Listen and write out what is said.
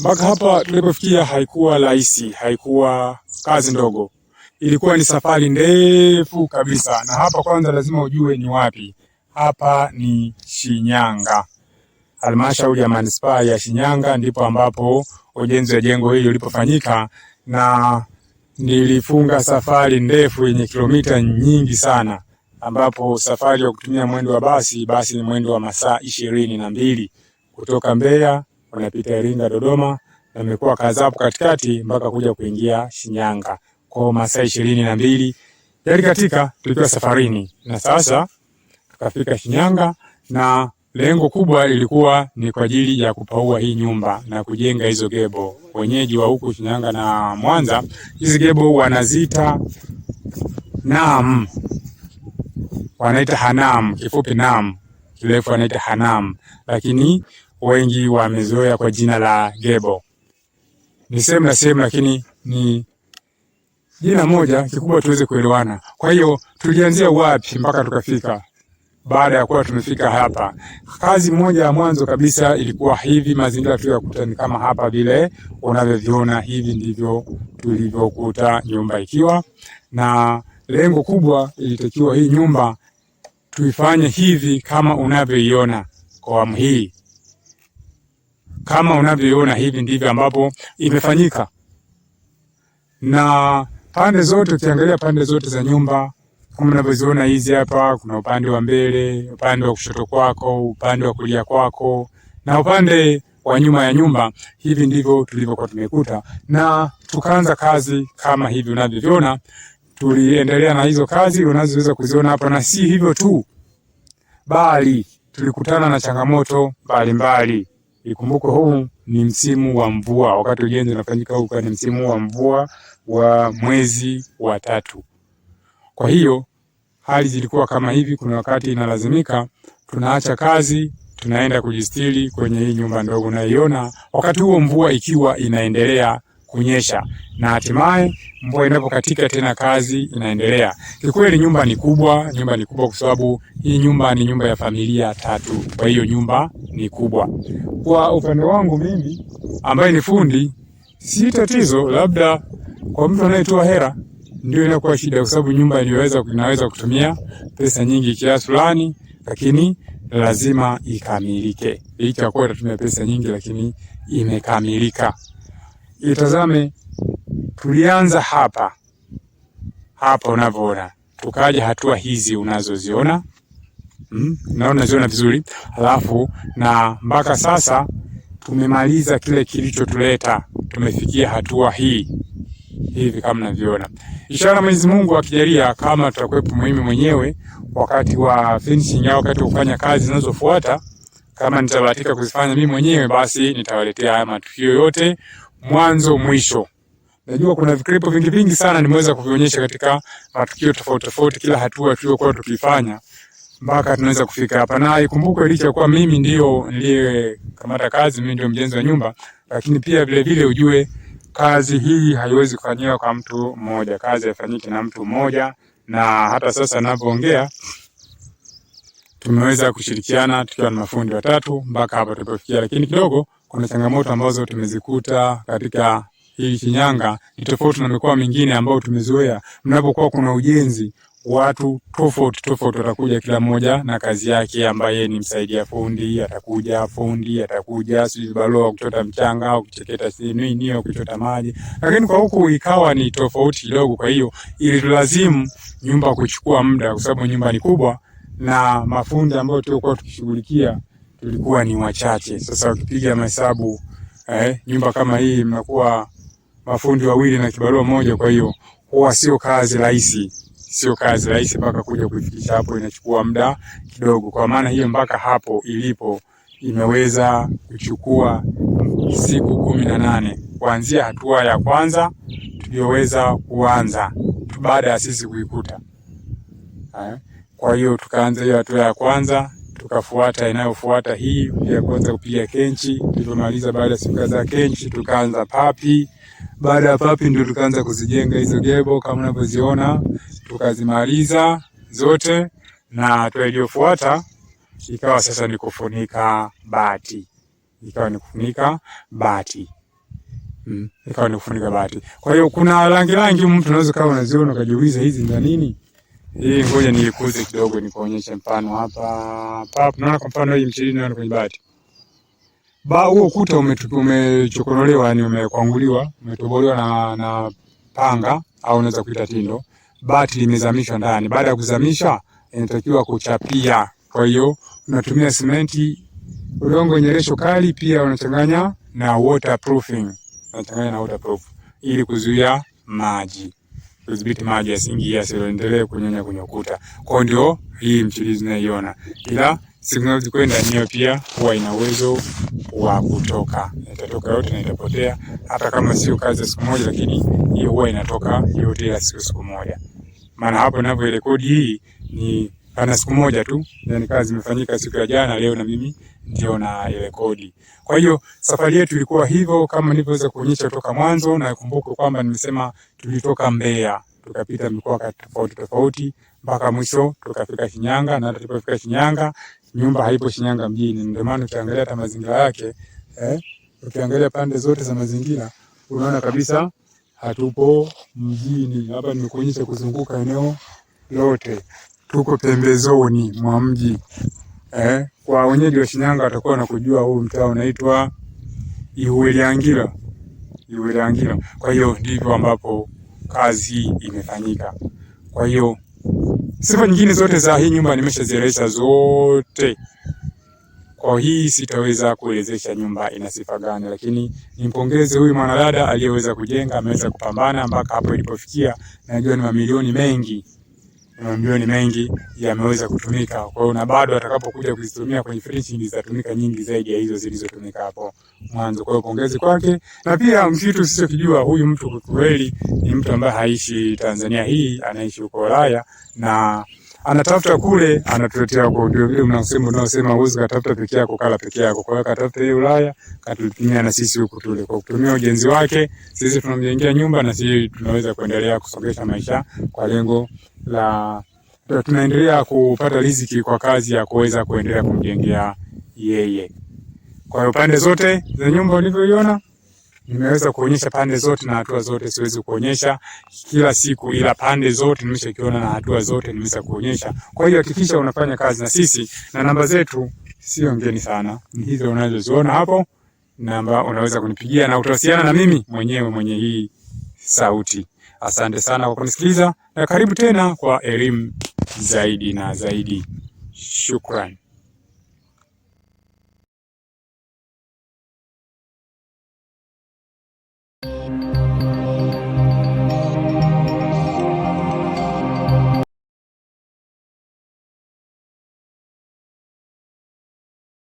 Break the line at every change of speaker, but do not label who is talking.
Mpaka hapa tulipofikia haikuwa rahisi, haikuwa kazi ndogo, ilikuwa ni safari ndefu kabisa. Na hapa kwanza lazima ujue ni wapi. Hapa ni Shinyanga, halmashauri ya manispaa ya Shinyanga, ndipo ambapo ujenzi wa jengo hili ulipofanyika, na nilifunga safari ndefu yenye kilomita nyingi sana, ambapo safari ya kutumia mwendo wa basi, basi ni mwendo wa masaa ishirini na mbili kutoka Mbeya wanapita Iringa, Dodoma na imekuwa kazi katikati mpaka kuja kuingia Shinyanga kwa masaa ishirini na mbili yaani katika tulikuwa safarini, na sasa tukafika Shinyanga na lengo kubwa ilikuwa ni kwa ajili ya kupaua hii nyumba na kujenga hizo gebo. Wenyeji wa huku Shinyanga na Mwanza hizi gebo wanazita nam, wanaita hanam, kifupi nam, kirefu wanaita hanam, lakini wengi wamezoea kwa jina la Gebo. Ni sehemu na sehemu, lakini ni jina moja, kikubwa tuweze kuelewana. Kwa hiyo tulianzia wapi mpaka tukafika baada ya kuwa tumefika hapa, kazi moja ya mwanzo kabisa ilikuwa hivi, mazingira tuliyokuta ni kama hapa vile unavyoviona. Hivi ndivyo tulivyokuta nyumba ikiwa, na lengo kubwa ilitakiwa hii nyumba tuifanye hivi kama unavyoiona kwa awamu hii, kama unavyoona hivi ndivyo ambapo imefanyika, na pande zote, ukiangalia pande zote za nyumba kama unavyoziona hizi hapa, kuna upande wa mbele, upande wa kushoto kwako, upande wa kulia kwako na upande wa nyuma ya nyumba. Hivi ndivyo tulivyokuwa tumekuta, na tukaanza kazi kama hivi unavyoviona. Tuliendelea na hizo kazi unazoweza kuziona hapa, na si hivyo tu, bali tulikutana na changamoto mbalimbali. mbali. Ikumbukwe huu ni msimu wa mvua, wakati ujenzi unafanyika huko ni msimu wa mvua wa mwezi wa tatu. Kwa hiyo hali zilikuwa kama hivi, kuna wakati inalazimika tunaacha kazi tunaenda kujistiri kwenye hii nyumba ndogo unaiona, wakati huo mvua ikiwa inaendelea kunyesha, na hatimaye mvua inapokatika tena kazi inaendelea. Kikweli nyumba ni kubwa, nyumba ni kubwa kwa sababu hii nyumba ni nyumba ya familia tatu, kwa hiyo nyumba ni kubwa. Kwa upande wangu mimi ambaye ni fundi, si tatizo, labda kwa mtu anayetoa hera ndio inakuwa shida, kwa sababu nyumba inaweza inaweza kutumia pesa nyingi kiasi fulani, lakini lazima ikamilike. Licha kuwa itatumia pesa nyingi, lakini imekamilika. Itazame, tulianza hapa hapa unavyoona, tukaja hatua hizi unazoziona mm, naona ziona vizuri, alafu na mpaka sasa tumemaliza kile kilichotuleta, tumefikia hatua hii hivi kama mnavyoona. Inshallah Mwenyezi Mungu akijalia, kama tutakuwepo mimi mwenyewe wakati wa finishing au wakati wa kufanya kazi zinazofuata, kama nitabahatika kuzifanya mimi mwenyewe, basi nitawaletea haya matukio yote mwanzo mwisho. Najua kuna vikripo vingi vingi sana nimeweza kuvionyesha katika matukio tofauti tofauti, kila hatua tuliyokuwa tukifanya mpaka tunaweza kufika hapa, na ikumbukwe, licha kuwa mimi ndio ndiye kamata kazi, mimi ndio mjenzi wa nyumba, lakini pia vile vile ujue kazi hii haiwezi kufanyika kwa mtu mmoja, kazi haifanyiki na mtu mmoja. Na hata sasa ninapoongea, tumeweza kushirikiana tukiwa na mafundi watatu mpaka hapa tulipofikia, lakini kidogo kuna changamoto ambazo tumezikuta katika hii Shinyanga ni tofauti na mikoa mingine ambayo tumezoea. Mnapokuwa kuna ujenzi, watu tofauti tofauti watakuja, kila mmoja na kazi yake. Ambaye ni msaidia fundi atakuja, fundi atakuja, si vibarua kuchota mchanga au kucheketa si nini au kuchota maji, lakini kwa huku ikawa ni tofauti kidogo. Kwa hiyo ilitulazimu nyumba kuchukua muda, kwa sababu nyumba ni kubwa na mafundi ambao tulikuwa tukishughulikia tulikuwa ni wachache. Sasa ukipiga mahesabu eh, nyumba kama hii mnakuwa mafundi wawili na kibarua moja, kwa hiyo huwa sio kazi rahisi sio kazi rahisi, mpaka kuja kuifikisha hapo inachukua muda kidogo. Kwa maana hiyo, mpaka hapo ilipo imeweza kuchukua siku kumi na nane kuanzia hatua ya kwanza tuliyoweza kuanza baada ya sisi kuikuta. Kwa hiyo tukaanza hiyo hatua ya kwanza tukafuata inayofuata hii ya kwanza kupiga kenchi. Tulipomaliza baada ya siku kadhaa kenchi, tukaanza papi. Baada ya papi, ndio tukaanza kuzijenga hizo gebo kama unavyoziona, tukazimaliza zote, na tu iliyofuata ikawa sasa ni kufunika bati, ikawa ni kufunika bati mm, ikawa ni kufunika bati. Kwa hiyo kuna rangi rangi mtu unaweza kama unaziona ukajiuliza hizi ni nini? Hii ngoja niikuze kidogo nikuonyeshe mfano hapa. Hapa naona kwa mfano hii mchiri naona kwenye bati. Ba huo ukuta umechokonolewa yani umekwanguliwa, umetobolewa na na panga au unaweza kuita tindo. Bati limezamishwa ndani. Baada ya kuzamisha inatakiwa kuchapia. Kwa hiyo unatumia simenti, udongo wenye resho kali pia unachanganya na waterproofing. Unachanganya na waterproof ili kuzuia maji kudhibiti maji yasiingie yasiendelee kunyonya kwenye ukuta. Kwa ndio hii mchulizi unaiona, ila siku kwenda nio pia huwa ina uwezo wa kutoka, itatoka yote na itapotea, hata kama sio kazi ya siku moja, lakini hiyo huwa inatoka yote ya siku siku moja. Maana hapo rekodi hii ni Kana siku moja tu yani, kazi imefanyika siku ya jana, leo na mimi ndio na ile kodi. Kwa hiyo safari yetu ilikuwa hivyo kama nilivyoweza kuonyesha toka mwanzo, na kumbuka kwamba nimesema tulitoka Mbeya tukapita mikoa tofauti tofauti mpaka mwisho tukafika Shinyanga, na tulipofika Shinyanga nyumba haipo Shinyanga mjini, ndio maana ukiangalia hata mazingira yake eh, ukiangalia pande zote za mazingira unaona kabisa hatupo mjini. Hapa nimekuonyesha kuzunguka eneo lote tuko pembezoni mwa mji eh. Kwa wenyeji wa Shinyanga watakuwa na kujua huu mtaa unaitwa Iweliangira, Iweliangira. Kwa hiyo ndivyo ambapo kazi imefanyika. Kwa hiyo sifa nyingine zote za hii nyumba nimeshazieleza zote, kwa hii sitaweza kuelezesha nyumba ina sifa gani, lakini nimpongeze huyu mwanadada aliyeweza kujenga, ameweza kupambana mpaka hapo ilipofikia. Najua ni mamilioni mengi mamilioni mengi yameweza kutumika. Kwa hiyo na bado atakapokuja kuzitumia kwenye finishing zitatumika nyingi zaidi ya hizo zilizotumika hapo mwanzo. Kwa hiyo pongezi kwake, na pia msitu usichokijua huyu mtu kweli ni mtu ambaye haishi Tanzania hii, anaishi huko Ulaya na anatafuta kule anatuletea kwa ndio vile mnasema tunasema uwezi katafuta peke yako kala peke yako. Kwa hiyo katafuta hiyo Ulaya katutumia na sisi huku tule kwa kutumia ujenzi wake sisi tunamjengea nyumba na sisi tunaweza kuendelea kusogesha maisha kwa lengo la tunaendelea kupata riziki kwa kazi ya kuweza kuendelea kumjengea yeye. Kwa hiyo pande zote za nyumba ulivyoiona nimeweza kuonyesha pande zote na hatua zote. Siwezi kuonyesha kila siku, ila pande zote nimeshakiona na hatua zote nimeweza kuonyesha. Kwa hiyo hakikisha unafanya kazi na sisi, na namba zetu sio ngeni sana, ni hizo unazoziona hapo, namba unaweza kunipigia na utawasiliana na mimi mwenyewe mwenye hii sauti. Asante sana kwa kunisikiliza na karibu tena kwa elimu zaidi na zaidi. Shukran.